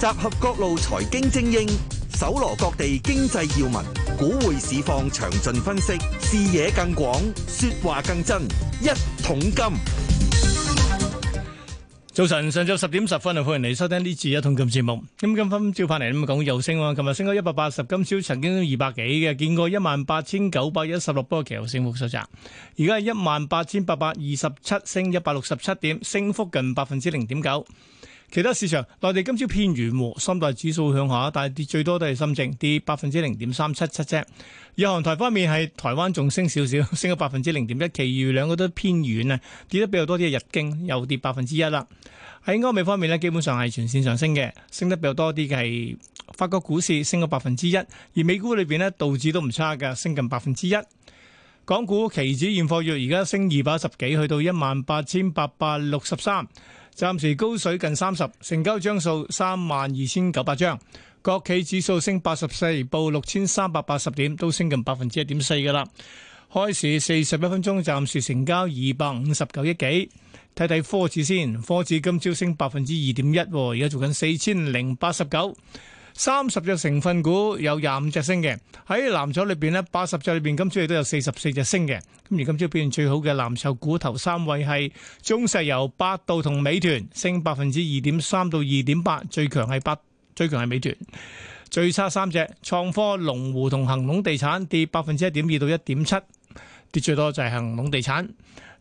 集合各路財經精英，搜羅各地經濟要聞，股匯市況詳盡分析，視野更廣，說話更真。一桶金，早晨，上晝十點十分啊，歡迎你收聽呢次一桶金節目。咁今番照翻嚟咁啊，講又升喎，琴日升咗一百八十，今朝曾經二百幾嘅，見過一萬八千九百一十六波，期後升幅收窄，而家係一萬八千八百二十七，升一百六十七點，升幅近百分之零點九。其他市場，內地今朝偏軟，三大指數向下，但係跌最多都係深證，跌百分之零點三七七啫。日韓台方面係台灣仲升少少， 升咗百分之零點一，其餘兩個都偏軟啊，跌得比較多啲係日經，又跌百分之一啦。喺歐美方面呢，基本上係全線上升嘅，升得比較多啲嘅係法國股市升咗百分之一，而美股裏面呢，道指都唔差㗎，升近百分之一。港股期指現貨月而家升二百一十幾，去到一萬八千八百六十三。暫時高水近三十，成交張數三萬二千九百張，國企指數升八十四，報六千三百八十點，都升近百分之一點四噶啦。開市四十一分鐘，暫時成交二百五十九億幾。睇睇科指先，科指今朝升百分之二點一，而家做緊四千零八十九。三十隻成分股有廿五隻升嘅。喺藍籌裏邊呢，八十隻裏邊今朝亦都有四十四隻升嘅。而今朝表現最好嘅藍籌股頭三位係中石油、百度同美團，升百分之二點三到二點八，最強係百，最強係美團。最差三隻，創科、龍湖同恒隆地產跌百分之一點二到一點七，跌最多就係恒隆地產。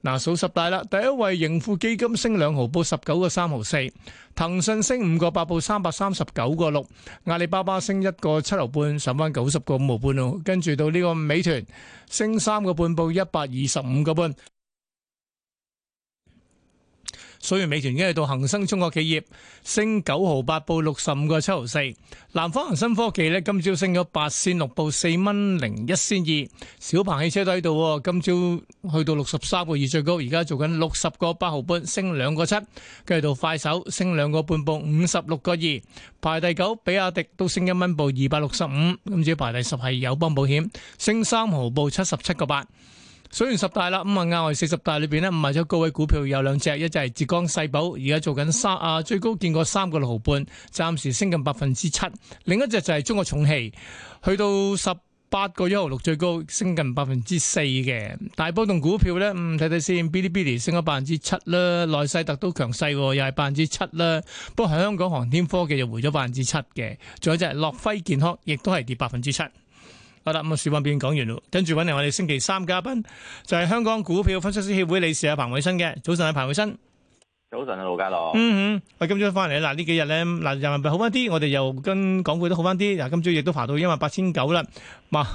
嗱，數十大啦，第一位盈富基金升兩毫，報十九個三毫四；騰訊升五個八，報三百三十九個六；阿里巴巴升一個七毫半，上返九十個五毫半咯。跟住到呢個美團，升三個半，報一百二十五個半。所以美團已經到恒生中國企業升九毫八，報六十五個七毫四。南方恒生科技呢，今朝升咗八仙六，報四蚊零一仙二。小鵬汽車都喺度，今朝去到六十三個二最高，而家做緊六十個八毫半，升兩個七。跟住到快手升兩個半，報五十六個二，排第九。比亞迪都升一蚊，報二百六十五。今朝排第十係友邦保險，升三毫，報七十七個八。選完十大啦，咁啊亞外四十大裏邊唔賣咗高位股票有兩隻，一就係浙江世寶，而家做緊三啊，最高見過三個六毫半，暫時升近百分之七。另一隻就係中國重汽，去到十八個一毫六最高，升近百分之四嘅。大波動股票咧。嗯，睇睇先，嗶哩嗶哩升咗百分之七啦，內世特都強勢，又係百分之七啦。不過香港航天科技又回咗百分之七嘅，再就係樂輝健康，亦都係跌百分之七。好啦，咁啊，時話變講完跟住，揾嚟我哋星期三嘉賓就係、是、香港股票分析師協會理事阿彭偉新嘅。早晨啊，彭偉新。早晨啊，盧家樂。嗯嗯，我今朝翻嚟啦。呢幾日咧，嗱，人民幣好翻啲，我哋又跟港股都好翻啲。嗱，今朝亦都爬到一萬八千九啦。慢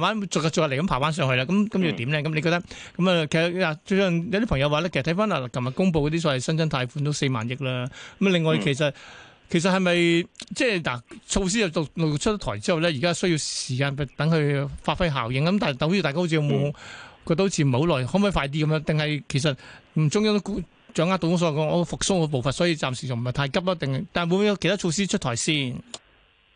慢逐日逐日嚟咁爬翻上去啦。咁，今朝點咧？咁、嗯、你覺得？咁啊，其實嗱，最近有啲朋友話咧，其實睇翻嗱，琴日公布嗰啲所謂新增貸款都四萬億啦。咁另外其實。嗯其實係咪即係嗱，措施又陸續出台之後咧，而家需要時間等佢發揮效應，咁，但係等於大家好似有冇覺得好似唔好耐，可唔可以快啲咁咧？定係其實中央都掌握到我所講我復甦嘅步伐，所以暫時就唔係太急一定，但係會唔會有其他措施出台先？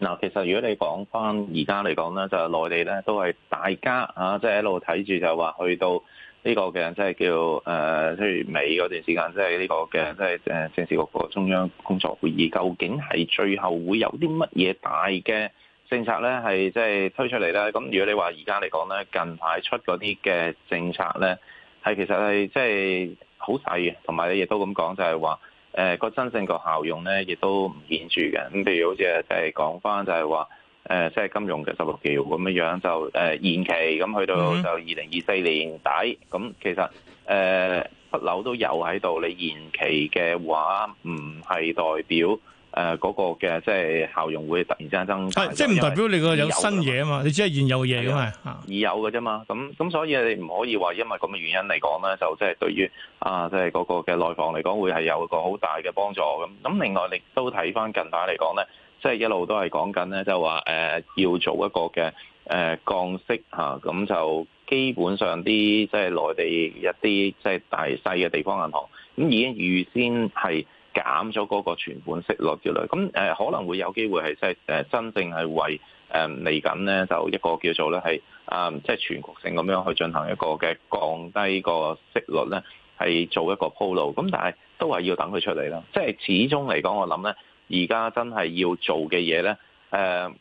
嗱，其實如果你講翻而家嚟講咧，就係內地咧都係大家嚇，即係一路睇住就話去到。呢個嘅即係叫誒，即係尾嗰段時間，即係呢個嘅即係誒，政治局個中央工作會議，究竟係最後會有啲乜嘢大嘅政策咧？係即係推出嚟咧。咁如果你話而家嚟講咧，近排出嗰啲嘅政策咧，係其實係即係好細嘅，同埋你亦都咁講，就係話誒個真正個效用咧，亦都唔顯著嘅。咁譬如好似就係講翻，就係話。誒，即係金融嘅十六條咁樣就誒、呃、延期咁去到就二零二四年底咁、嗯，其實誒樓、呃、都有喺度。你延期嘅話，唔係代表誒嗰、呃嗰個嘅即係效用會突然之間增加。係，即係唔代表你個有新嘢啊嘛，你只係現有嘢咁啊，已有嘅啫嘛。咁咁所以你唔可以話因為咁嘅原因嚟講咧，就即係對於啊，即係嗰個嘅內房嚟講會係有個好大嘅幫助咁。咁另外你都睇翻近排嚟講咧。即係一路都係講緊咧，就話誒要做一個嘅誒降息嚇，咁就基本上啲即係內地一啲即係大細嘅地方銀行，咁已經預先係減咗嗰個存款息率之類，咁誒可能會有機會係即係誒真正係為誒嚟緊咧，就一個叫做咧係啊，即係全局性咁樣去進行一個嘅降低個息率咧，係做一個鋪路，咁但係都係要等佢出嚟啦，即係始終嚟講，我諗咧。而家真係要做嘅嘢呢，誒、呃、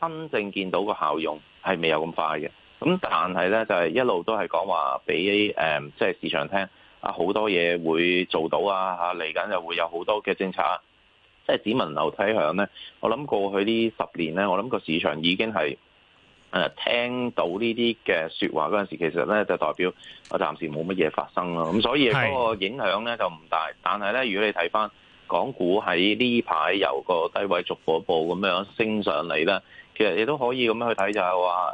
真正見到個效用係未有咁快嘅。咁但係呢，就係、是、一路都係講話俾誒，即係市場聽啊，好多嘢會做到啊，嚇嚟緊又會有好多嘅政策，即係只聞樓梯響呢。我諗過去呢十年呢，我諗個市場已經係誒、呃、聽到呢啲嘅説話嗰陣時候，其實呢，就代表我暫時冇乜嘢發生咯。咁所以嗰個影響呢，就唔大。但係呢，如果你睇翻，港股喺呢排由個低位逐步咁樣升上嚟咧，其實亦都可以咁樣去睇、就是，就係話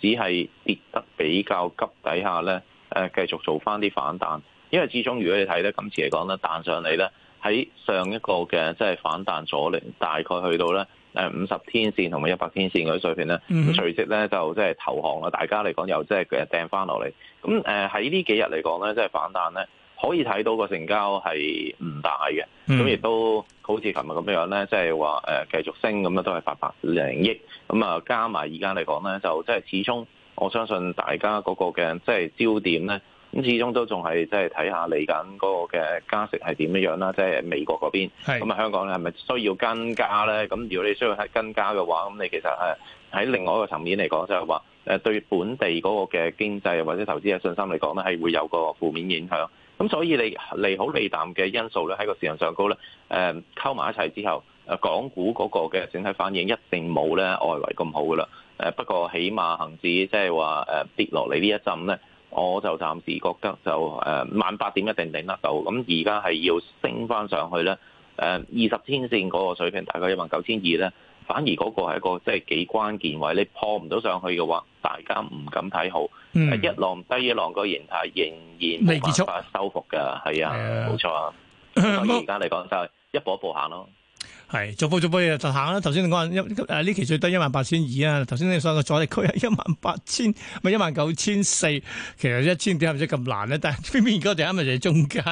誒，只係跌得比較急底下咧，誒、呃、繼續做翻啲反彈，因為始終如果你睇咧，今次嚟講咧，彈上嚟咧，喺上一個嘅即係反彈阻力，大概去到咧誒五十天線同埋一百天線嗰啲水平咧，咁、mm -hmm. 隨即咧就即係投降啊！大家嚟講又即係誒掟翻落嚟，咁誒喺呢幾日嚟講咧，即、就、係、是、反彈咧。可以睇到個成交係唔大嘅，咁、嗯、亦都好似琴日咁樣咧，即係話繼續升咁啊，都係八百零億咁啊。加埋而家嚟講咧，就即係始終我相信大家嗰個嘅即係焦點咧，咁始終都仲係即係睇下嚟緊嗰個嘅加息係點樣啦。即、就、係、是、美國嗰邊咁啊，香港咧係咪需要跟加咧？咁如果你需要係跟加嘅話，咁你其實係喺另外一個層面嚟講，就係、是、話對本地嗰個嘅經濟或者投資嘅信心嚟講咧，係會有個負面影響。咁所以你利好利淡嘅因素咧喺個市場上高咧，誒溝埋一齊之後，誒港股嗰個嘅整體反應一定冇咧外圍咁好噶啦。誒不過起碼恒指即係話誒跌落嚟呢一陣咧，我就暫時覺得就誒萬八點一定頂得到。咁而家係要升返上去咧，誒二十天線嗰個水平大概一萬九千二咧。反而嗰個係一個即係幾關鍵位，你破唔到上去嘅話，大家唔敢睇好。嗯，一浪低一浪個形態仍然冇辦法修復㗎，係啊，冇錯啊。嗯，所以而家嚟講就係一步一步行咯。係做波做波就行啦。頭先你我話一誒呢期最低一萬八千二啊。頭先你所講阻力區一萬八千，咪一萬九千四。其實一千點咪知咁難咧。但係邊邊個地方咪就係中間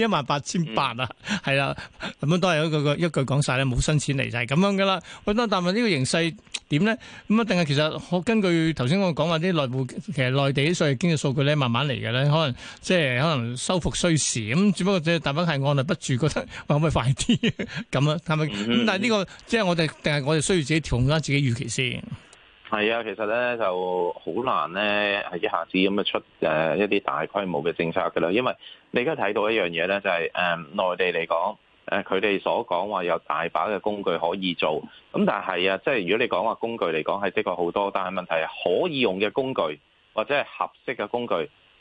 一萬八千八啊。係啦，咁樣都係一個一句講晒咧，冇新錢嚟就係咁樣噶啦。咁、啊、但係呢個形勢點咧？咁啊，定係其實根據頭先我講話啲內部，其實內地所財經嘅數據咧，慢慢嚟嘅咧，可能即係可能收復需時。咁、啊、只不過即係大部係按捺不住，覺得話、啊、可唔可以快啲咁啊？啊啊啊嗯咁、嗯、但係呢、呢個即係我哋定係我哋需要自己調控翻自己預期先。係啊，其實咧就好難咧，係一下子咁樣出誒一啲大規模嘅政策㗎啦。因為你而家睇到一樣嘢咧，就係誒內地嚟講，誒佢哋所講話有大把嘅工具可以做。咁但係啊，即係如果你講話工具嚟講係的確好多，但係問題係可以用嘅工具或者係合適嘅工具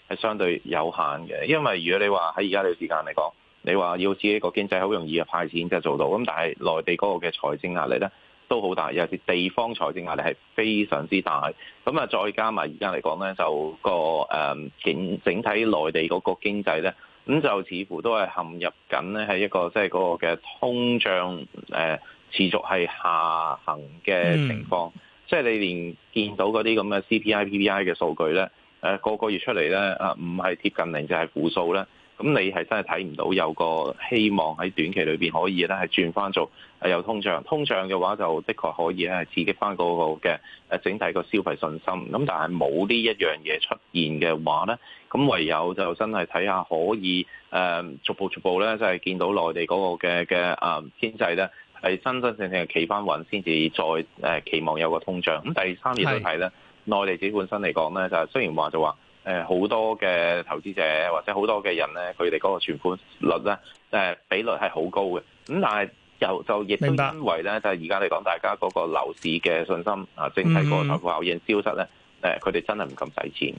係相對有限嘅。因為如果你話喺而家呢個時間嚟講，你話要自己個經濟好容易嘅派錢就做到，咁但係內地嗰個嘅財政壓力咧都好大，尤其地方財政壓力係非常之大。咁啊，再加埋而家嚟講咧，就個誒整整體內地嗰個經濟咧，咁就似乎都係陷入緊咧係一個即係嗰個嘅通脹誒持續係下行嘅情況。即、嗯、係、就係、你連見到嗰啲咁嘅 CPI、PPI 嘅數據咧，誒個個月出嚟咧啊，唔係貼近零就係、係、負數咧。咁你係真係睇唔到有個希望喺短期裏面可以咧係轉翻做有通脹，通脹嘅話就的確可以咧刺激翻嗰個嘅整體個消費信心。咁但係冇呢一樣嘢出現嘅話咧，咁唯有就真係睇下可以誒逐步逐步咧即係見到內地嗰個嘅嘅誒經濟咧係真真正正企翻穩先至再誒期望有個通脹。咁第三年嚟睇咧，內地自己本身嚟講咧就係雖然話就話。誒，好多嘅投資者或者好多嘅人咧，佢哋嗰個存款率咧，誒比率係好高嘅。咁但係又就亦都因為咧，就係而家嚟講，大家嗰個樓市嘅信心啊，整體個財富效應消失咧，誒、嗯，佢哋真係唔敢使錢。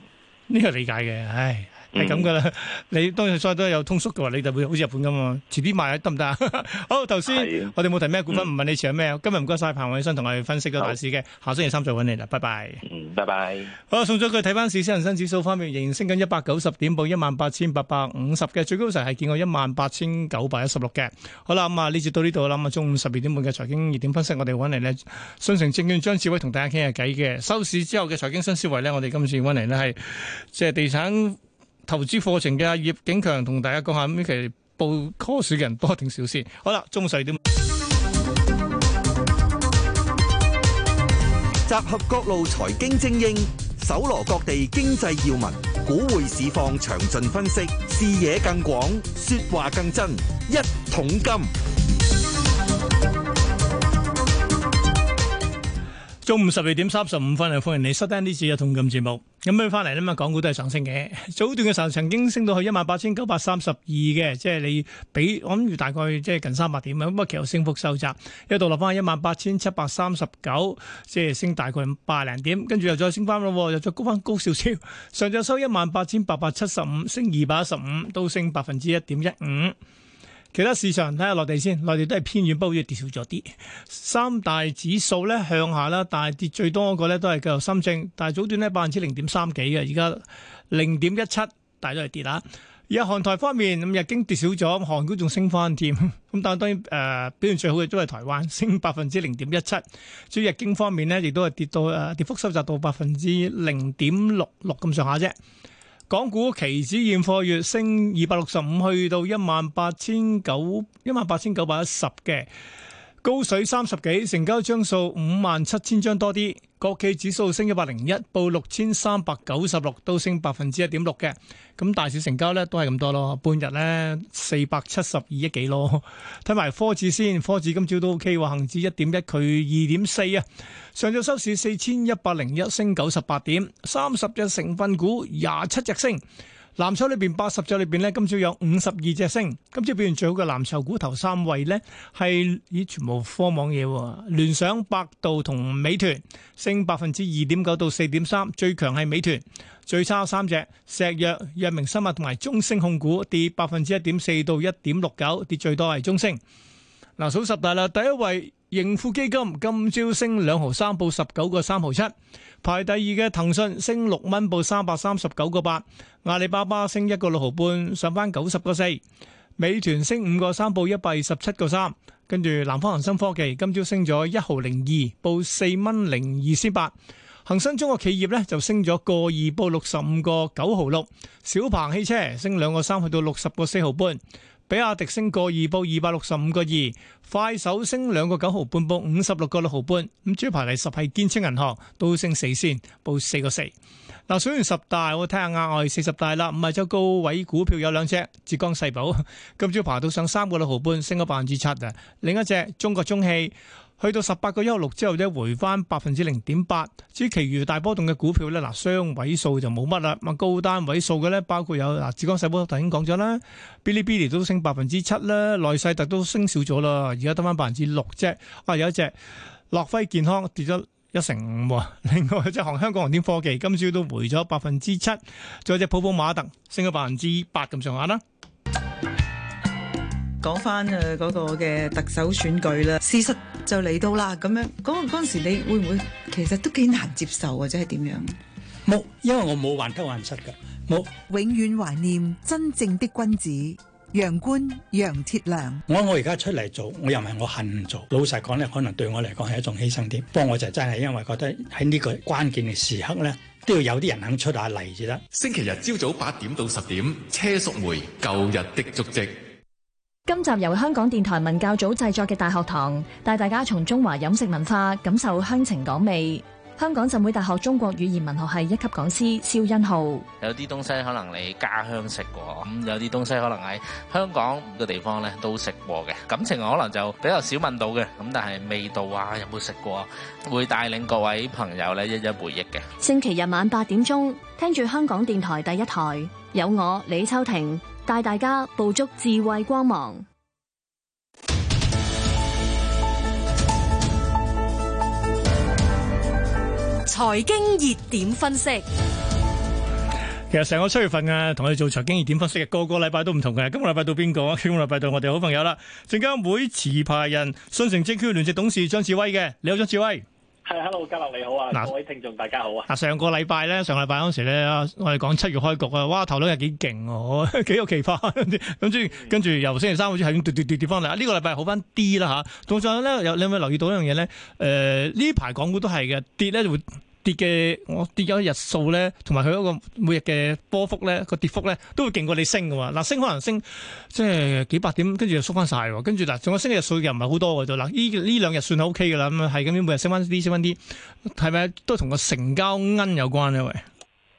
呢個理解嘅，唉。係咁噶啦，你當然所有都有通縮嘅話，你就會好似日本噶嘛。遲啲賣得唔得啊？行行 好，頭先我哋冇提咩股份，唔、嗯、問你持咩。今日唔該晒，彭偉新同我哋分析個大市嘅。下星期三再揾你啦，拜拜、嗯。拜拜。好，送咗佢睇翻市，市，恆生指數方面仍然升緊一百九十點，報一萬八千八百五十嘅最高成係見過一萬八千九百一十六嘅。好啦，咁、嗯、啊，呢節到呢度啦。咁啊，中午十二點半嘅財經熱點分析，我哋揾嚟呢。信誠證券張志偉同大家傾下偈嘅。收市之後嘅財經新思維呢，我哋今次揾嚟呢，係即係地產。投資課程嘅葉景強同大家講下呢期報科鼠嘅人多定少先。好啦，中細啲，集合各路財經精英，搜羅各地經濟要聞，股匯市況詳盡分析，視野更廣，說話更真，一桶金。中午十二點三十五分，嚟歡迎你收聽呢次嘅《同感節目》。咁樣翻嚟呢嘛，港股都係上升嘅。早段嘅時候曾經升到去一萬八千九百三十二嘅，即係你比我諗住大概即係近三百點咁。不過其後升幅收窄，一度落翻一萬八千七百三十九，即係升大概八零點，跟住又再升翻咯，又再高翻高少少，上晝收一萬八千八百七十五，升二百一十五，都升百分之一點一五。其他市場睇下內地先，內地都係偏軟，不過好似跌少咗啲。三大指數咧向下啦，但係跌最多嗰個咧都係繼續深證。但係早段咧百分之零點三幾嘅，而家零點一七，大都係跌啦。而家韓台方面，咁日經跌少咗，韓股仲升翻添。咁但係當然誒、呃、表現最好嘅都係台灣，升百分之零點一七。所以日經方面咧，亦都係跌到誒跌幅收窄到百分之零點六六咁上下啫。港股期指現貨月升二百六十五，去到一萬八千九一萬八千九百一十嘅。高水三十幾，成交張數五萬七千張多啲。國企指數升一百零一，報六千三百九十六，都升百分之一點六嘅。咁大市成交咧都係咁多咯，半日咧四百七十二億幾咯。睇埋科指先，科指今朝都 O K 喎，恒指一點一，佢二點四啊。上晝收市四千一百零一，升九十八點，三十隻成分股廿七隻升。藍籌裏邊八十隻裏邊咧，今朝有五十二隻升，今朝表現最好嘅藍籌股頭三位咧係咦，全部科網嘢，聯想、百度同美團，升百分之二點九到四點三，最強係美團，最差三隻石藥、藥明生物同埋中升控股，跌百分之一點四到一點六九，跌最多係中升。嗱，數十大啦，第一位。盈富基金今朝升兩毫三，報十九個三毫七，排第二嘅騰訊升六蚊，報三百三十九個八，阿里巴巴升一個六毫半，上返九十個四，美團升五個三，報一百二十七個三，跟住南方恒生科技今朝升咗一毫零二，報四蚊零二先八，恒生中國企業呢就升咗個二，報六十五個九毫六，小鵬汽車升兩個三，去到六十個四毫半。比亞迪升個二，報二百六十五個二；快手升兩個九毫半，報五十六個六毫半。咁主要排第十係建設銀行，都升四仙，報四個四。嗱，數完十大，我睇下額外四十大啦。唔係周高位股票有兩隻，浙江世寶今朝爬到上三個六毫半，升咗百分之七啊。另一隻中國中氣。去到十八個一六之後，啫回翻百分之零點八。至於其餘大波動嘅股票咧，嗱雙位數就冇乜啦。咁高單位數嘅咧，包括有嗱，浙江世寶頭先講咗啦，嗶哩嗶哩都升百分之七啦，耐世特都升少咗啦，而家得翻百分之六啫。啊，有一隻諾輝健康跌咗一成五喎。另外一隻行香港航天科技今朝都回咗百分之七，仲有隻普普馬特升咗百分之八咁上下啦。講翻誒嗰個嘅特首選舉啦，事實就嚟到啦，咁樣嗰個嗰陣時，你會唔會其實都幾難接受或者係點樣？冇，因為我冇患得患失噶。冇，永遠懷念真正的君子楊官楊鐵良。我我而家出嚟做，我又唔係我恨做。老實講咧，可能對我嚟講係一種犧牲添。不過我就真係因為覺得喺呢個關鍵嘅時刻咧，都要有啲人肯出下力先得。星期日朝早八點到十點，車淑梅舊日的足跡。今集由香港電台文教組製作嘅《大學堂》，帶大家從中華飲食文化感受鄉情港味。香港浸會大學中國語言文學系一級講師蕭欣浩，有啲東西可能你家鄉食過，咁有啲東西可能喺香港嘅個地方咧都食過嘅，感情可能就比較少問到嘅，咁但係味道啊有冇食過，會帶領各位朋友咧一一回憶嘅。星期日晚八點鐘，聽住香港電台第一台，有我李秋婷。帶大家捕捉智慧光芒。財經熱點分析，其實成個七月份啊，同你做財經熱點分析嘅，個個禮拜都唔同嘅。今個禮拜到邊個啊？今個禮拜到我哋好朋友啦，證監會持牌人、信誠證券聯席董事張智威嘅，你好，張智威。係，hello，嘉樂你好啊！各位聽眾大家好啊！上個禮拜咧，上禮拜嗰時咧，我哋講七月開局啊，哇，頭兩日係幾勁喎，幾有奇葩咁，嗯嗯、跟住由星期三開始係咁跌跌跌跌翻嚟。呢個禮拜好翻啲啦吓，仲加上咧，有你有冇留意到一樣嘢咧？誒，呃，呢排港股都係嘅，跌咧就會，跌嘅我跌咗日數咧，同埋佢嗰個每日嘅波幅咧，個跌幅咧，都會勁過你升㗎喎。嗱，升可能升即係幾百點，跟住就縮翻晒。跟住嗱，仲有升日數嘅唔係好多嘅啫。嗱，呢呢兩日算係 O K 㗎啦。咁啊，係咁樣每日升翻啲，升翻啲，係咪都同個成交奀有關嘅？喂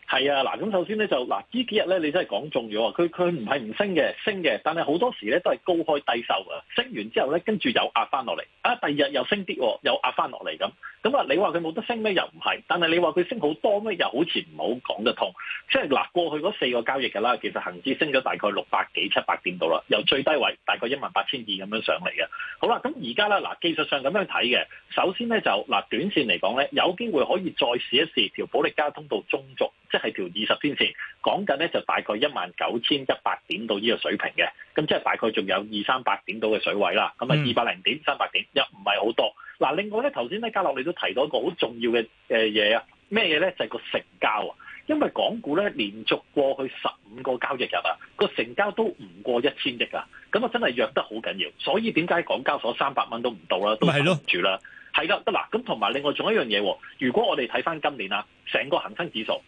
係啊，嗱咁首先咧就嗱呢幾日咧你真係講中咗啊！佢佢唔係唔升嘅，升嘅，但係好多時咧都係高開低收啊！升完之後咧，跟住又壓翻落嚟啊！第二日又升啲，又壓翻落嚟咁。咁啊，你話佢冇得升咧又唔係，但係你話佢升好多咧又好似唔好講得通。即係嗱，過去嗰四個交易嘅啦，其實恒指升咗大概六百幾七百點度啦，由最低位大概一萬八千二咁樣上嚟嘅。好啦，咁而家咧嗱，技術上咁樣睇嘅，首先咧就嗱短線嚟講咧，有機會可以再試一試條保利加通道中續。係條二十天線講緊咧，就大概一萬九千一百點到呢個水平嘅。咁即係大概仲有二三百點到嘅水位啦。咁啊，二百零點三百點又唔係好多嗱。另外咧，頭先咧，嘉樂你都提到一個好重要嘅誒嘢啊。咩嘢咧？就係個成交啊。因為港股咧連續過去十五個交易日啊，個成交都唔過一千億啊。咁啊，真係弱得好緊要。所以點解港交所三百蚊都唔到啦，都撐唔住啦？係啦，得嗱。咁同埋另外仲一樣嘢，如果我哋睇翻今年啊，成個恒生指數。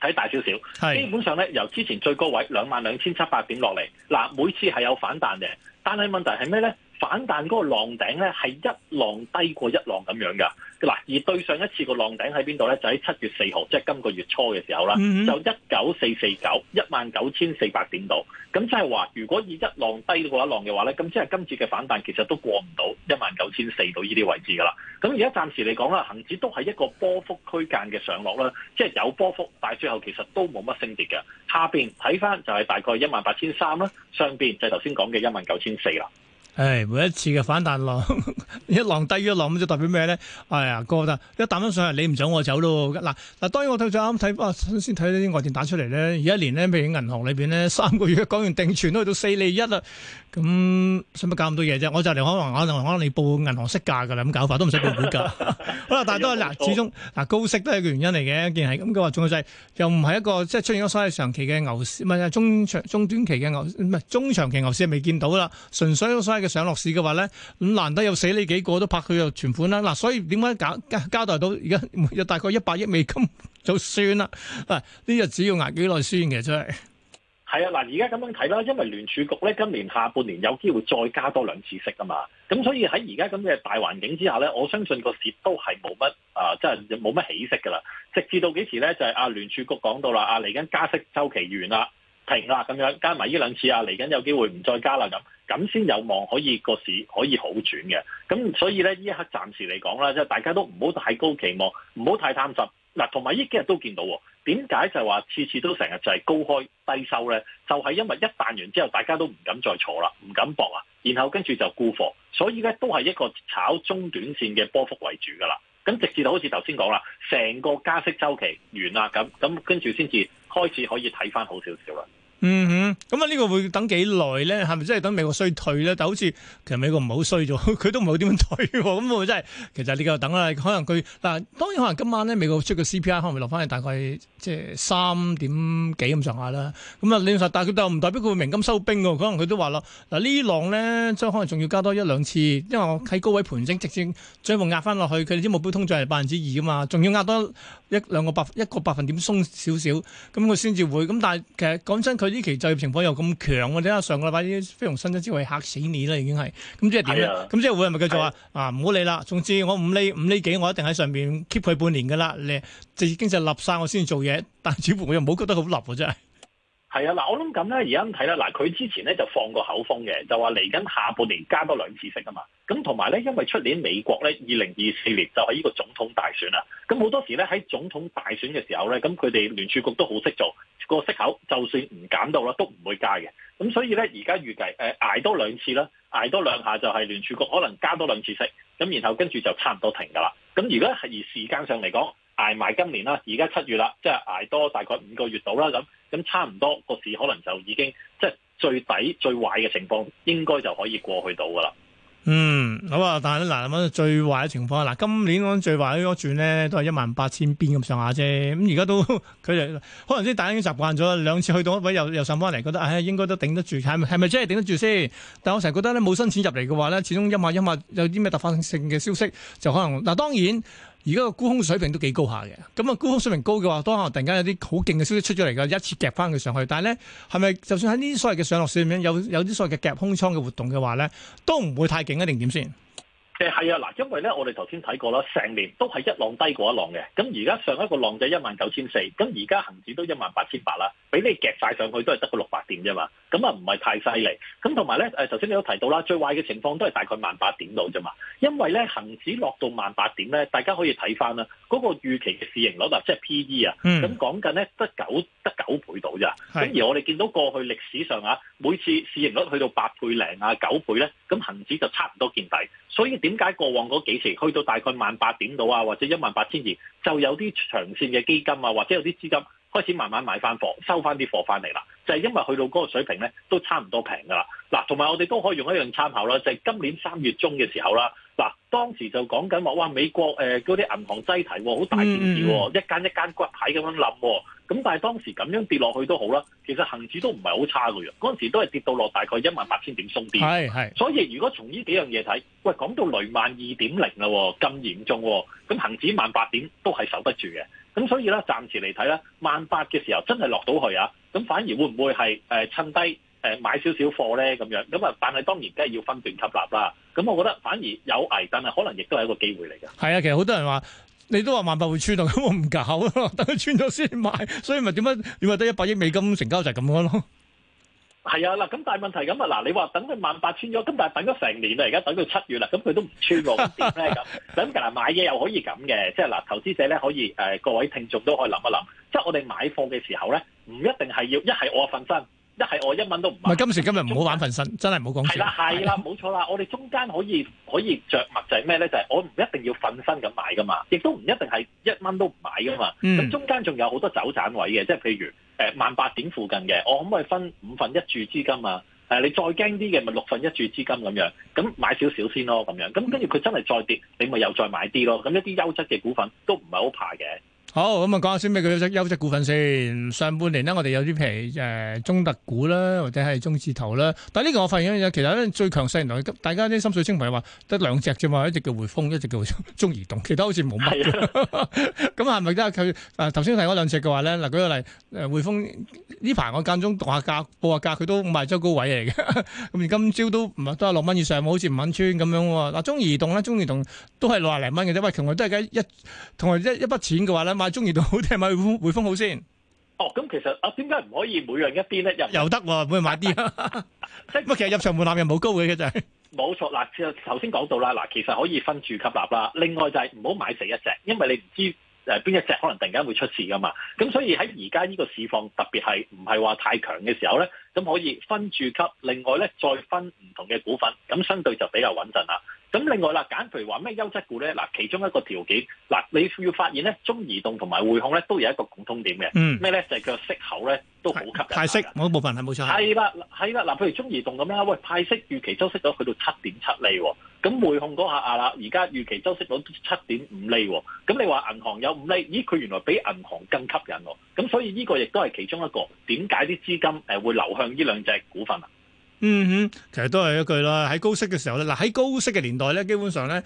睇大少少，基本上咧由之前最高位兩萬兩千七百點落嚟，嗱每次係有反彈嘅，但係問題係咩咧？反彈嗰個浪頂咧係一浪低過一浪咁樣噶，嗱而對上一次個浪頂喺邊度咧？就喺七月四號，即係今個月初嘅時候啦，就一九四四九一萬九千四百點度。咁即係話，如果以一浪低過一浪嘅話咧，咁即係今次嘅反彈其實都過唔到一萬九千四到呢啲位置噶啦。咁而家暫時嚟講啦，恆指都係一個波幅區間嘅上落啦，即係有波幅，但係最後其實都冇乜升跌嘅。下邊睇翻就係大概一萬八千三啦，上邊就係頭先講嘅一萬九千四啦。係每一次嘅反彈浪， 一浪低於一浪咁就代表咩咧？哎呀，過得一啖翻上嚟，你唔走我走咯。嗱嗱，當然我睇最啱睇啊，先睇呢啲外電打出嚟咧。而一年咧，譬如銀行裏邊咧，三個月講完定存都去到四釐一啦。咁使乜搞咁多嘢啫？我就嚟可能，可能可能你報銀行息價噶啦，咁搞法都唔使報股價。好 啦，但係都係嗱，始終嗱高息都係一個原因嚟嘅，既然係咁。佢話仲有就係、是、又唔係一個即係出現咗所謂長期嘅牛市，唔、啊、係中長中短期嘅牛唔係、啊、中長期牛市未、啊、見到啦，純粹所謂嘅。上落市嘅話咧，咁難得有死你幾個都拍佢又存款啦，嗱、啊，所以點解搞交代到而家有大概一百億美金就算啦？嗱、啊，呢日只要捱幾耐先嘅真係，係、就是、啊，嗱，而家咁樣睇啦，因為聯儲局咧今年下半年有機會再加多兩次息啊嘛，咁所以喺而家咁嘅大環境之下咧，我相信個市都係冇乜啊，即係冇乜起色噶啦，直至到幾時咧就係阿聯儲局講到啦，阿嚟緊加息周期完啦，停啦咁樣加上這，加埋呢兩次啊嚟緊有機會唔再加啦咁。咁先有望可以個市可以好轉嘅，咁所以咧呢一刻暫時嚟講啦，即係大家都唔好太高期望，唔好太貪心。嗱。同埋呢幾日都見到，點解就係話次次都成日就係高開低收咧？就係因為一彈完之後，大家都唔敢再坐啦，唔敢搏啦，然後跟住就沽貨，所以咧都係一個炒中短線嘅波幅為主㗎啦。咁直至到好似頭先講啦，成個加息週期完啦，咁咁跟住先至開始可以睇翻好少少啦。嗯哼，咁啊呢個會等幾耐咧？係咪真係等美國衰退咧？但好似其實美國唔係好衰咗，佢都唔係點樣退，咁啊真係，其實你又等啦。可能佢嗱，當然可能今晚咧，美國出個 CPI 可能落翻去大概即係三點幾咁上下啦。咁啊，你話但佢又唔代表佢會明金收兵噶，可能佢都話啦嗱，呢浪咧，將可能仲要加多一兩次，因為我喺高位盤升，直接將佢壓翻落去，佢哋啲目標通脹係百分之二啊嘛，仲要壓多一兩個百一個百分點鬆少少，咁佢先至會。咁但係其實講真佢。呢期就業情況又咁強，我睇下上個禮拜啲非農新一之係吓死你啦，已經係，咁、哎、即係點咧？咁即係會係咪繼續啊？啊唔好理啦，總之我五厘五厘幾，我一定喺上邊 keep 佢半年噶啦。你即係經濟立晒，我先做嘢，但係似乎我又唔好覺得好立嘅真係。係啊，嗱，我諗緊咧，而家睇咧，嗱，佢之前咧就放過口風嘅，就話嚟緊下半年加多兩次息啊嘛，咁同埋咧，因為出年美國咧二零二四年就係呢個總統大選啊，咁好多時咧喺總統大選嘅時候咧，咁佢哋聯儲局都好識做個息口，就算唔減到啦，都唔會加嘅，咁所以咧而家預計誒、呃、捱多兩次啦，捱多兩下就係聯儲局可能加多兩次息，咁然後跟住就差唔多停㗎啦，咁而家係而時間上嚟講。捱埋今年啦，而家七月啦，即係捱多大概五個月到啦咁，咁差唔多個市可能就已經即係最底、最壞嘅情況應該就可以過去到噶啦。嗯，好啊，但係嗱咁啊，最壞嘅情況嗱，今年我最壞嗰轉呢，都係一萬八千邊咁上下啫。咁而家都佢哋可能啲大家已經習慣咗，兩次去到一位又又上翻嚟，覺得唉、哎、應該都頂得住，係係咪真係頂得住先？但我成日覺得呢，冇新錢入嚟嘅話呢，始終一萬一萬有啲咩突發性嘅消息就可能嗱，當然。而家個沽空水平都幾高下嘅，咁啊沽空水平高嘅話，都可能突然間有啲好勁嘅消息出咗嚟，噶一次夾翻佢上去。但係咧，係咪就算喺呢啲所謂嘅上落市咁樣，有有啲所謂嘅夾空倉嘅活動嘅話咧，都唔會太勁一定點先？誒係啊，嗱，因為咧，我哋頭先睇過啦，成年都係一浪低過一浪嘅。咁而家上一個浪就一萬九千四，咁而家恒指都一萬八千八啦，俾你夾晒上去都係得個六百點啫嘛。咁啊，唔係太犀利。咁同埋咧，誒頭先你都提到啦，最壞嘅情況都係大概萬八點到啫嘛。因為咧，恒指落到萬八點咧，大家可以睇翻啦，嗰個預期嘅市盈率啊，即係 P E 啊，嗯，咁講緊咧得九得九倍到咋。咁而我哋見到過去歷史上啊，每次市盈率去到八倍零啊九倍咧，咁恒指就差唔多見底。所以點解過往嗰幾時去到大概萬八點度啊，或者一萬八千二，就有啲長線嘅基金啊，或者有啲資金開始慢慢買翻貨，收翻啲貨翻嚟啦，就係因為去到嗰個水平咧，都差唔多平噶啦。嗱，同埋我哋都可以用一樣參考啦，就係今年三月中嘅時候啦。嗱，當時就講緊話，哇！美國誒嗰啲銀行擠提，好大件事喎，一間一間骨牌咁樣冧。咁但係當時咁樣跌落去都好啦，其實恒指都唔係好差嘅喎，嗰陣時都係跌到落大概一萬八千點鬆啲，係係。所以如果從呢幾樣嘢睇，喂，講到雷曼二點零啦，咁嚴重，咁恒指萬八點都係守得住嘅。咁所以咧，暫時嚟睇咧，萬八嘅時候真係落到去啊，咁反而會唔會係誒、呃、趁低？呃、買少少貨咧咁樣，咁啊，但係當然梗係要分段吸納啦。咁我覺得反而有危但係可能亦都係一個機會嚟㗎。係啊，其實好多人話你都話萬八會穿啊，咁我唔搞，等佢穿咗先買，所以咪點解？你話得一百億美金成交就係咁樣咯。係啊，嗱，咁但係問題咁啊，嗱，你話等佢萬八穿咗，咁但係等咗成年啦，而家等到七月啦，咁佢都唔穿喎，點咧咁？咁嗱，買嘢又可以咁嘅，即係嗱，投資者咧可以誒，各位聽眾都可以諗一諗，即係我哋買貨嘅時候咧，唔一定係要一係我瞓身。一係我一蚊都唔買，今時今日唔好玩份身，真係唔好講錢。係啦，係啦，冇錯啦，我哋中間可以可以着墨就係咩咧？就係、是、我唔一定要份身咁買噶嘛，亦都唔一定係一蚊都唔買噶嘛。咁、嗯、中間仲有好多走盞位嘅，即係譬如誒萬八點附近嘅，我可唔可以分五份一注資金啊？呃、你再驚啲嘅咪六份一注資金咁樣，咁買少少先咯咁樣。咁跟住佢真係再跌，你咪又再買啲咯。咁一啲優質嘅股份都唔係好怕嘅。好咁啊，講下先咩佢優優質股份先。上半年呢，我哋有啲譬如誒、呃、中特股啦，或者係中字頭啦。但係呢個我發現咗，其實咧最強勢同大家啲心水清迷話得兩隻啫嘛，一隻叫匯豐，一隻叫中移動。其他好似冇乜咁係咪咧？佢誒頭先睇嗰兩隻嘅話呢，嗱舉個例，誒匯豐呢排我間中讀下價報下價，佢都賣咗高位嚟嘅。咁 而今朝都唔係都係六蚊以上，好似唔肯穿咁樣。嗱、啊、中移動呢，中移動都係六廿零蚊嘅啫。喂，同樣都係一，同埋一一筆錢嘅話呢。買中意到好定係買匯豐好先？哦，咁其實啊，點解唔可以每樣一邊咧？又又得喎，每人買啲、啊。即 係其實入場門檻又冇高嘅嘅啫。冇錯，嗱，頭先講到啦，嗱，其實可以分住吸納啦。另外就係唔好買死一隻，因為你唔知誒邊、呃、一隻可能突然間會出事噶嘛。咁所以喺而家呢個市況特別係唔係話太強嘅時候咧，咁可以分住級。另外咧，再分唔同嘅股份，咁相對就比較穩陣啦。咁另外啦，減譬如話咩優質股咧，嗱，其中一個條件，嗱，你要發現咧，中移動同埋匯控咧都有一個共通點嘅，咩、嗯、咧就係個息口咧都好吸引，派息冇部分係冇錯，係啦係啦，嗱，譬如中移動咁樣，喂，派息預期周息率去到七點七厘喎，哦，咁匯控嗰下啊啦，而家預期周息率七點五厘喎，哦，咁你話銀行有五厘，咦，佢原來比銀行更吸引喎，哦，咁所以呢個亦都係其中一個點解啲資金誒會流向呢兩隻股份啊？嗯哼，其實都係一句啦。喺高息嘅時候咧，嗱喺高息嘅年代咧，基本上咧，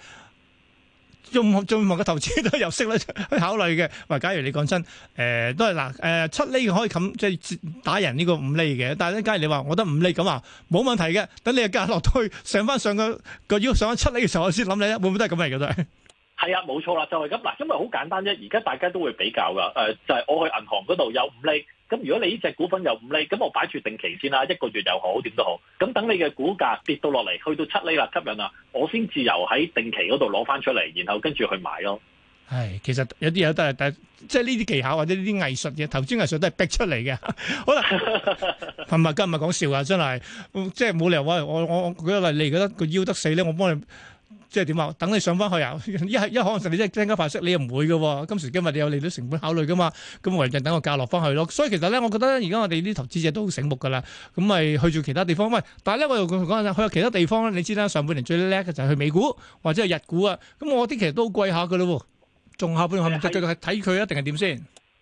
用做嘅投資都由息咧去考慮嘅。喂，假如你講真，誒、呃、都係嗱，誒、呃、七厘可以冚即係打人呢個五厘嘅。但係咧，假如你話我得五厘咁話，冇問題嘅。等你嘅價落推去上翻上個個要上翻七厘嘅時候，我先諗你啦。會唔會都係咁嚟嘅都係啊，冇錯啦，就係咁嗱，因為好簡單啫，而家大家都會比較噶，誒、呃，就係、是、我去銀行嗰度有五厘，咁如果你呢隻股份有五厘，咁我擺住定期先啦，一個月又好，點都好，咁等你嘅股價跌到落嚟，去到七厘啦，吸引啦，我先自由喺定期嗰度攞翻出嚟，然後跟住去買咯。係，其實有啲嘢都係、就是， 即係呢啲技巧或者呢啲藝術嘅投資藝術都係逼出嚟嘅。好啦，唔係，唔係講笑呀，真係，即係冇理由話我我我舉例，你覺得個腰得死咧，我幫你。即係點啊？等你上翻去又一係一可能就你真係增加派息，你又唔會嘅喎、啊。今時今日你有利率成本考慮噶嘛？咁唯有等個價落翻去咯。所以其實咧，我覺得而家我哋啲投資者都好醒目噶啦。咁咪去住其他地方喂？但係咧，我又講下先，去其他地方咧，你知啦，上半年最叻嘅就係去美股或者係日股啊。咁我啲其實都好貴下嘅咯喎。仲下半年繼續睇佢一定係點先？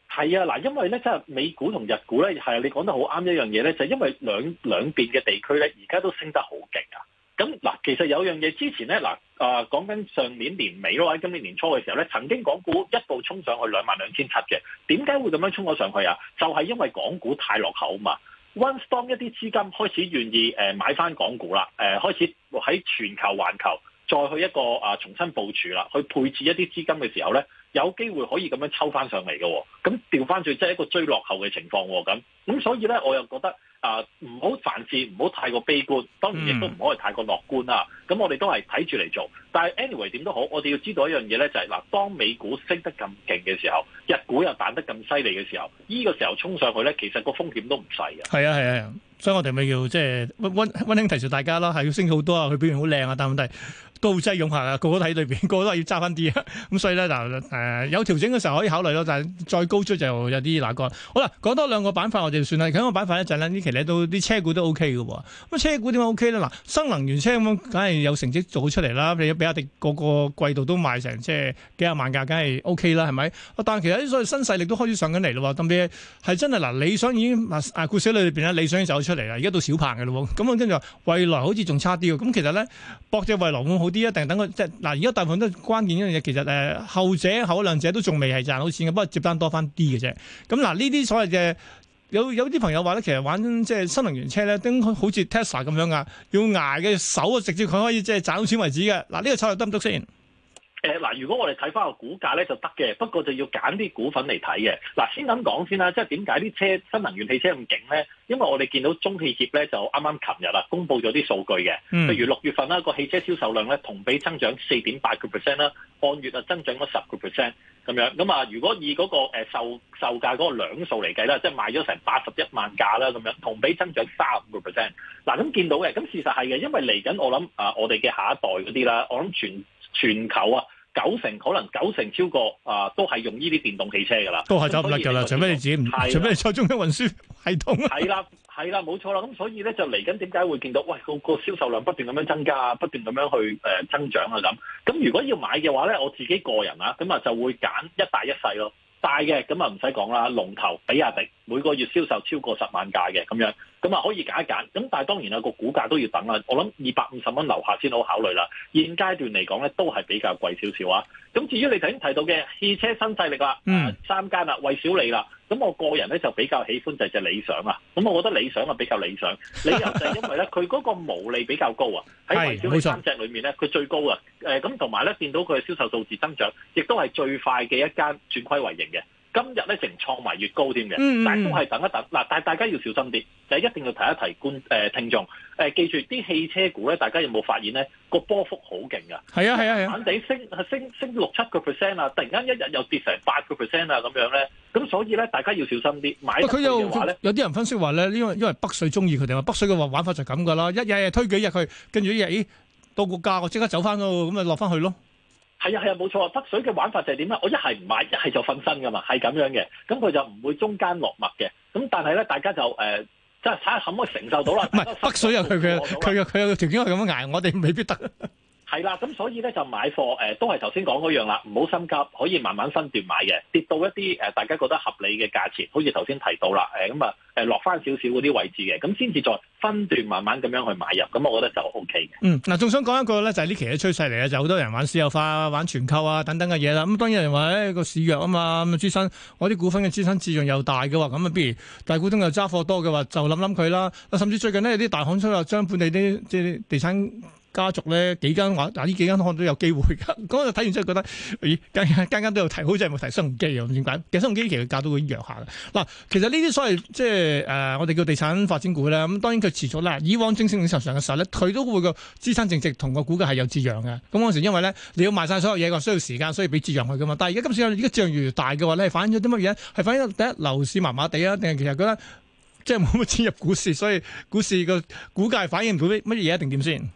係啊，嗱，因為咧，即係美股同日股咧，係啊，你講得好啱一樣嘢咧，就係、因為兩兩邊嘅地區咧，而家都升得好勁啊。咁嗱，其實有樣嘢之前咧，嗱啊，講緊上年年尾或者今年年初嘅時候咧，曾經港股一度衝上去兩萬兩千七嘅，點解會咁樣衝咗上去啊？就係因為港股太落後啊嘛。Once 一啲資金開始願意誒買翻港股啦，誒開始喺全球環球再去一個啊重新部署啦，去配置一啲資金嘅時候咧。有機會可以咁樣抽翻上嚟嘅、哦，咁調翻轉即係一個追落後嘅情況咁、哦，咁所以咧，我又覺得啊，唔好凡事唔好太過悲觀，當然亦都唔可以太過樂觀啦、啊。咁我哋都係睇住嚟做，但係 anyway 點都好，我哋要知道一樣嘢咧就係、是、嗱，當美股升得咁勁嘅時候，日股又彈得咁犀利嘅時候，呢、這個時候衝上去咧，其實個風險都唔細嘅。係啊係啊，所以我哋咪要即係溫溫溫馨提示大家啦，係要升好多，它很漂亮啊，佢表現好靚啊，但問題都好擠擁下嘅，個個睇對面，個個都話要揸翻啲啊，咁所以咧嗱。誒、呃，有調整嘅時候可以考慮咯，但係再高出就有啲難講。好啦，講多兩個板塊我就算啦。講個板塊一陣呢，呢期咧都啲車股都 O K 嘅喎。咁車股點解 O K 咧？嗱，新能源車咁樣梗係有成績做出嚟啦。比亞迪個個季度都賣成即係幾廿萬架，梗係 O K 啦，係咪？但係其實啲所謂新勢力都開始上緊嚟咯。特別係真係嗱，理想已經啊故事裏邊理想已經走出嚟啦，而家到小鵬嘅咯。咁啊，跟住話未來好似仲差啲嘅。咁其實咧，博隻未來會好啲啊？定等佢即係嗱？而家大部分都係關鍵一樣嘢，其實誒、呃、後者。嗰兩者都仲未係賺到錢嘅，不過接單多翻啲嘅啫。咁嗱，呢啲所謂嘅有有啲朋友話咧，其實玩即係新能源車咧，都好似 Tesla 咁樣啊，要捱嘅手啊，直接佢可以即係賺到錢為止嘅。嗱，呢個策略得唔得先？誒、呃、嗱，如果我哋睇翻個股價咧，就得嘅。不過就要揀啲股份嚟睇嘅。嗱，先咁講先啦。即係點解啲車新能源汽車咁勁咧？因為我哋見到中汽協咧就啱啱琴日啊，公布咗啲數據嘅。譬、嗯、如六月份啦、啊，個汽車銷售量咧同比增長四點八個 percent 啦，按、啊、月啊增長咗十個 percent 咁樣。咁啊，如果以嗰個售售價嗰個兩數嚟計啦，即係賣咗成八十一萬架啦、啊，咁樣同比增長三十五個 percent。嗱、啊，咁、啊、見到嘅，咁事實係嘅，因為嚟緊我諗啊，我哋嘅下一代嗰啲啦，我諗全。全球啊，九成可能九成超過啊、呃，都係用呢啲電動汽車㗎啦，都係走唔甩㗎啦，除非你自己唔，除非你坐中央運輸系統。係啦，係啦，冇錯啦。咁所以咧就嚟緊，點解會見到喂個、個銷售量不斷咁樣增加啊，不斷咁樣去誒增長啊咁。咁如果要買嘅話咧，我自己個人啊，咁啊就會揀一大一細咯。大嘅咁啊唔使講啦，龍頭比亞迪。每個月銷售超過十萬架嘅咁樣，咁啊可以揀一揀，咁但係當然啊個股價都要等啊，我諗二百五十蚊樓下先好考慮啦。現階段嚟講咧，都係比較貴少少啊。咁至於你頭先提到嘅汽車新勢力啦，三間啦，為小利啦，咁我個人咧就比較喜歡就只理想啊。咁我覺得理想啊比較理想，理由就係因為咧佢嗰個毛利比較高啊，喺為小利三隻裏面咧，佢 最高啊。誒咁同埋咧，見到佢嘅銷售數字增長，亦都係最快嘅一間轉虧為盈嘅。今日咧成創埋越高添嘅，但都係等一等嗱，但大家要小心啲，就係、一定要提一提觀誒、呃、聽眾誒、呃，記住啲汽車股咧，大家有冇發現咧、個波幅好勁啊？係啊係啊，猛底升升升六七個 percent 啊，啊 6, 突然間一日又跌成八個 percent 啊，咁樣咧，咁所以咧大家要小心啲買。佢又話咧，有啲人分析話咧，因為因為北水中意佢哋話北水嘅話玩法就咁噶啦，一日日推幾日佢，跟住一日咦到個價我即刻走翻咯，咁咪落翻去咯。係啊係啊冇錯啊，北水嘅玩法就係點咧？我一係唔買，一係就瞓身㗎嘛，係咁樣嘅。咁佢就唔會中間落墨嘅。咁但係咧，大家就誒，真係睇下可唔可以承受到啦。唔 係北水啊，佢佢佢佢佢個條件係咁樣捱， 我哋未必得。 係啦，咁所以咧就買貨誒，都係頭先講嗰樣啦，唔好心急，可以慢慢分段買嘅，跌到一啲誒大家覺得合理嘅價錢，好似頭先提到啦，咁啊落翻少少嗰啲位置嘅，咁先至再分段慢慢咁樣去買入，咁我覺得就 O K 嘅。嗯，嗱，仲想講一個咧，就係呢期嘅趨勢嚟嘅，就好多人玩私有化、玩全購啊等等嘅嘢啦。咁當然有人話咧、哎、個市弱啊嘛，咁資生我啲股份嘅資生資量又大嘅話，咁啊，不如大股東又揸貨多嘅話，就諗諗佢啦。甚至最近呢，有啲大行出嚟將本地啲即係地產。家族咧幾間話，嗱、啊，呢幾間都都有機會。咁我睇完之後覺得，咦、哎，間間都有提好有提，似係冇提升龍基啊？點解？雙機，其實龍基其實價都會弱下嘅。嗱，其實呢啲所謂即係誒、呃，我哋叫地產發展股咧。咁當然佢持早咧，以往증升向常嘅時候咧，佢都會個支撐正值同個股價係有接壤嘅。咁嗰時因為咧，你要賣晒所有嘢，個需要時間，所以俾接壤去噶嘛。但係而家今次而家漲越大嘅話咧，反映咗啲乜嘢？係反映第一樓市麻麻地啊，定係其實覺得即係冇乜切入股市，所以股市個股價反映到啲乜嘢一定點先？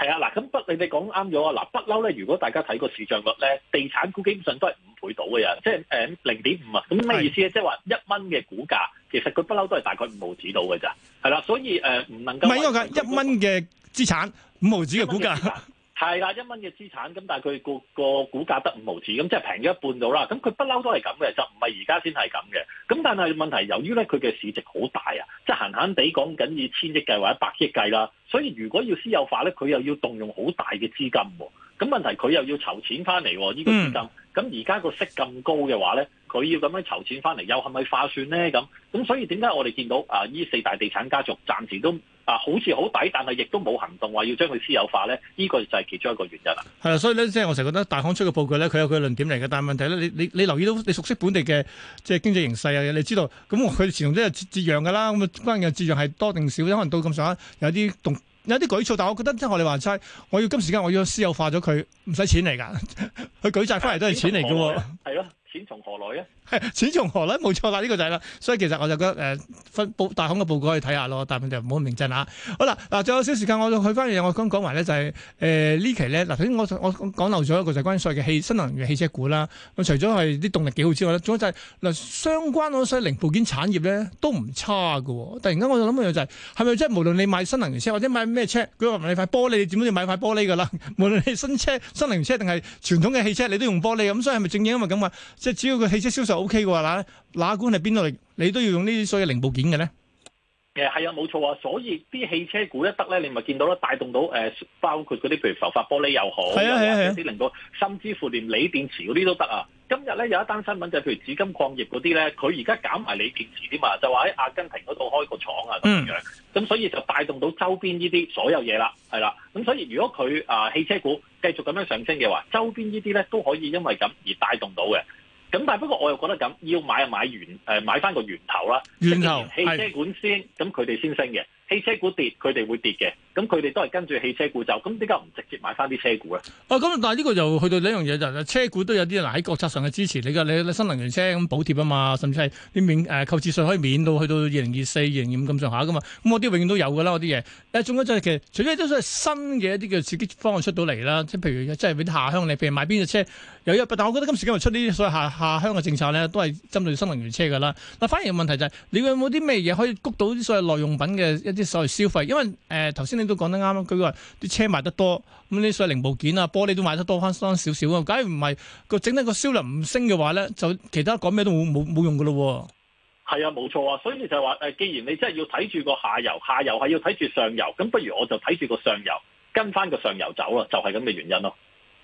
係啊，嗱，咁不你哋講啱咗啊，嗱，不嬲咧，如果大家睇個市賬率咧，地產股基本上都係五倍到嘅咋，即係誒零點五啊，咁咩意思咧？即係話一蚊嘅股價，其實佢不嬲都係大概五毫子到嘅咋，係啦、啊，所以誒唔、呃、能夠唔係，因為一蚊嘅資產，五毫子嘅股價。 係啦，一蚊嘅資產咁，但係佢個個股價得五毫紙，咁即係平咗一半到啦。咁佢不嬲都係咁嘅，就唔係而家先係咁嘅。咁但係問題，由於咧佢嘅市值好大啊，即係閒閒地講緊以千億計或者百億計啦。所以如果要私有化咧，佢又要動用好大嘅資金喎。咁問題佢又要籌錢翻嚟喎，呢個資金。咁而家個息咁高嘅話咧？佢要咁樣籌錢翻嚟，又係咪化算咧？咁咁，所以點解我哋見到啊？呢四大地產家族暫時都啊，好似好抵，但係亦都冇行動話要將佢私有化咧？呢、這個就係其中一個原因啦。係啦，所以咧，即係我成日覺得大行出嘅報告咧，佢有佢嘅論點嚟嘅。但係問題咧，你你你留意到，你熟悉本地嘅即係經濟形勢啊你知道咁，佢前度都係節節揚啦。咁關鍵係節揚係多定少？可能到咁上下有啲動，有啲舉措。但係我覺得即係我哋話齋，我要，我要今時間我要私有化咗佢，唔使錢嚟㗎。佢 舉債翻嚟都係錢嚟嘅喎。咯、啊。 來從錢從何來？冇錯啦，呢、這個就係啦。所以其實我就覺得，誒、呃，分報大行嘅報告可以睇下咯。但係就唔好咁認真吓。好啦，嗱，仲有少時間，我去翻嘢，我想講埋咧就係，誒，呢期咧，嗱，首先我我講漏咗一個就關於所謂嘅新能源汽車股啦。咁除咗係啲動力幾好之外咧，仲有就係相關嗰些零部件產業咧都唔差嘅、喔。突然間我就諗就係、是，係咪即係無論你買新能源車或者買咩車，佢話你塊玻璃點都要買塊玻璃噶啦。無論你新車、新能源車定係傳統嘅汽車，你都用玻璃咁，所以係咪正正因為咁啊？即係只要佢。汽車銷售 O K 嘅話，嗱，哪管係邊度嚟，你都要用呢啲所有的零部件嘅咧。誒係啊，冇錯啊，所以啲汽車股一得咧，你咪見到啦，帶動到誒包括嗰啲譬如浮法玻璃又好，或者啲零件，甚至乎連鋰電池嗰啲都得啊。今日咧有一單新聞就係譬如紫金礦業嗰啲咧，佢而家搞埋鋰電池添嘛，就話喺阿根廷嗰度開個廠啊咁樣。咁、嗯、所以就帶動到周邊呢啲所有嘢啦，係啦。咁所以如果佢啊汽車股繼續咁樣上升嘅話，周邊呢啲咧都可以因為咁而帶動到嘅。咁但係不過我又覺得咁，要買就買源，誒買翻個源頭啦。源頭汽車股先，咁佢哋先升嘅。汽車股跌，佢哋會跌嘅。咁佢哋都係跟住汽車股走。咁點解唔直接買翻啲車股咧？啊、哦，咁但係呢個就去到呢樣嘢就係車股都有啲嗱喺國策上嘅支持你，你嘅你新能源車咁補貼啊嘛，甚至係啲免誒購置稅可以免到去到二零二四二零二五咁上下噶嘛。咁我啲永遠都有㗎啦，我啲嘢。誒，仲有就係其實除咗都係新嘅一啲叫刺激方案出到嚟啦，即係譬如即係畀啲下鄉，你譬如買邊隻車。但係我覺得今時今日出呢啲所謂下下鄉嘅政策咧，都係針對新能源車噶啦。但反而問題就係你有冇啲咩嘢可以谷到啲所謂耐用品嘅一啲所謂消費？因為誒，頭先你都講得啱，佢話啲車賣得多，咁啲所謂零部件啊、玻璃都賣得多翻少少啊。假如唔係個整體個銷量唔升嘅話咧，就其他講咩都冇冇冇用噶咯。係啊，冇錯啊，啊。所以就係話誒，既然你真係要睇住個下游，下游係要睇住上游，咁不如我就睇住個上游，跟翻個上游走啦，就係咁嘅原因咯。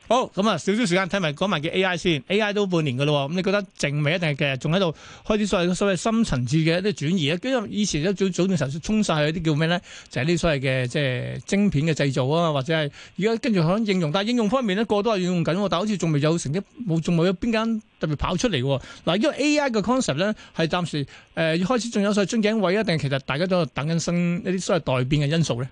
好，咁啊，少少時間睇埋講埋嘅 A.I. 先，A.I. 都半年嘅啦，咁你覺得靜未一定係嘅，仲喺度開始所謂所謂深層次嘅一啲轉移啊？因為以前一早早段時候衝晒去一啲叫咩咧？就係呢啲所謂嘅即係晶片嘅製造啊，或者係而家跟住響應用，但係應用方面咧過多係應用緊，但係好似仲未有成績，冇仲未有邊間特別跑出嚟喎？嗱，因為 A.I. 嘅 concept 咧係暫時誒、呃、開始仲有所謂樽頸位啊，定係其實大家都等緊新一啲所謂代變嘅因素咧？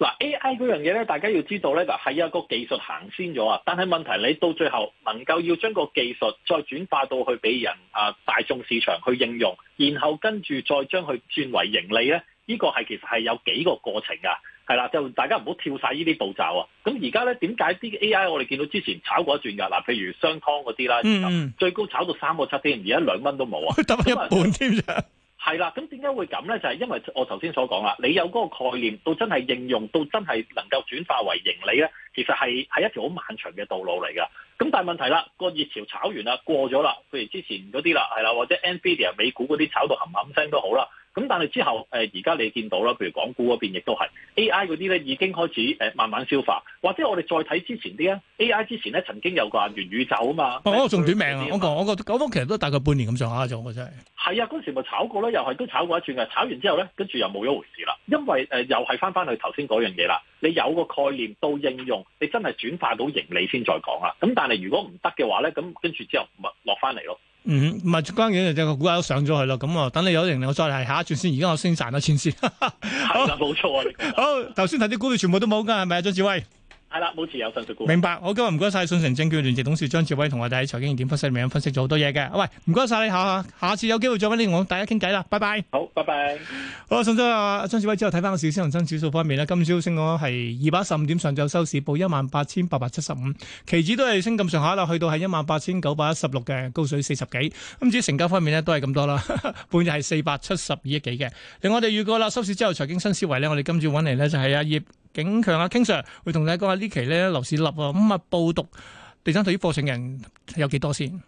嗱 AI 嗰樣嘢咧，大家要知道咧，嗱係有一個技術行先咗啊！但係問題，你到最後能夠要將個技術再轉化到去俾人啊大眾市場去應用，然後跟住再將佢轉為盈利咧，呢個係其實係有幾個過程噶，係啦，就大家唔好跳曬呢啲步驟啊！咁而家咧，點解啲 AI 我哋見到之前炒過一轉嘅嗱，譬如商湯嗰啲啦，最高炒到三個七添，而家兩蚊都冇啊、嗯嗯嗯，一半添 係啦，咁點解會咁咧？就係因為我頭先所講啦，你有嗰個概念，到真係應用，到真係能夠轉化為盈利咧，其實係一條好漫長嘅道路嚟噶。咁但係問題啦，個熱潮炒完啦，過咗啦，譬如之前嗰啲啦，係啦，或者 NVIDIA 美股嗰啲炒到冚冚聲都好啦。咁但係之後誒，而家你見到啦，譬如港股嗰邊亦都係 A I 嗰啲咧，已經開始誒慢慢消化，或者我哋再睇之前啲啊 A I 之前咧曾經有個元宇宙啊嘛，哦，仲短命、啊嗯、我覺得我覺嗰幅其實都大概半年咁上下咗，我真係係啊，嗰時咪炒過咯，又係都炒過一轉嘅，炒完之後咧跟住又冇一回事啦，因為誒又係翻翻去頭先嗰樣嘢啦，你有個概念到應用，你真係轉化到盈利先再講啊！咁但係如果唔得嘅話咧，咁跟住之後咪落翻嚟咯。嗯，唔係，關鍵就個股價都上咗去咯，咁我等你有盈利，我再嚟下一轉先。而家我先賺到錢先，係 啦，冇錯啊。好，頭先睇啲股票全部都冇㗎，係咪啊，張志威？係啦，保持有信託。明白，我今日唔該晒信誠證券聯席董事張智威同我哋喺財經熱點分析裏面分析咗好多嘢嘅。喂、啊，唔該晒你下，下次有機會再搵你和我大家傾偈啦，拜拜。好，拜拜。好，上咗啊，張智威之後睇翻個市，先恒生指數方面呢，今朝升咗係二百一十五點，上晝收市報一萬八千八百七十五，期指都係升咁上下啦，去到係一萬八千九百一十六嘅高水四十幾。今朝成交方面呢，都係咁多啦，半日係四百七十二億幾嘅。另外，我哋預告啦，收市之後財經新思維呢，我哋今朝揾嚟，呢，就係阿葉。景強啊，King Sir 會同大家講下呢期咧樓市立啊，咁啊報讀地產投資課程人有幾多先？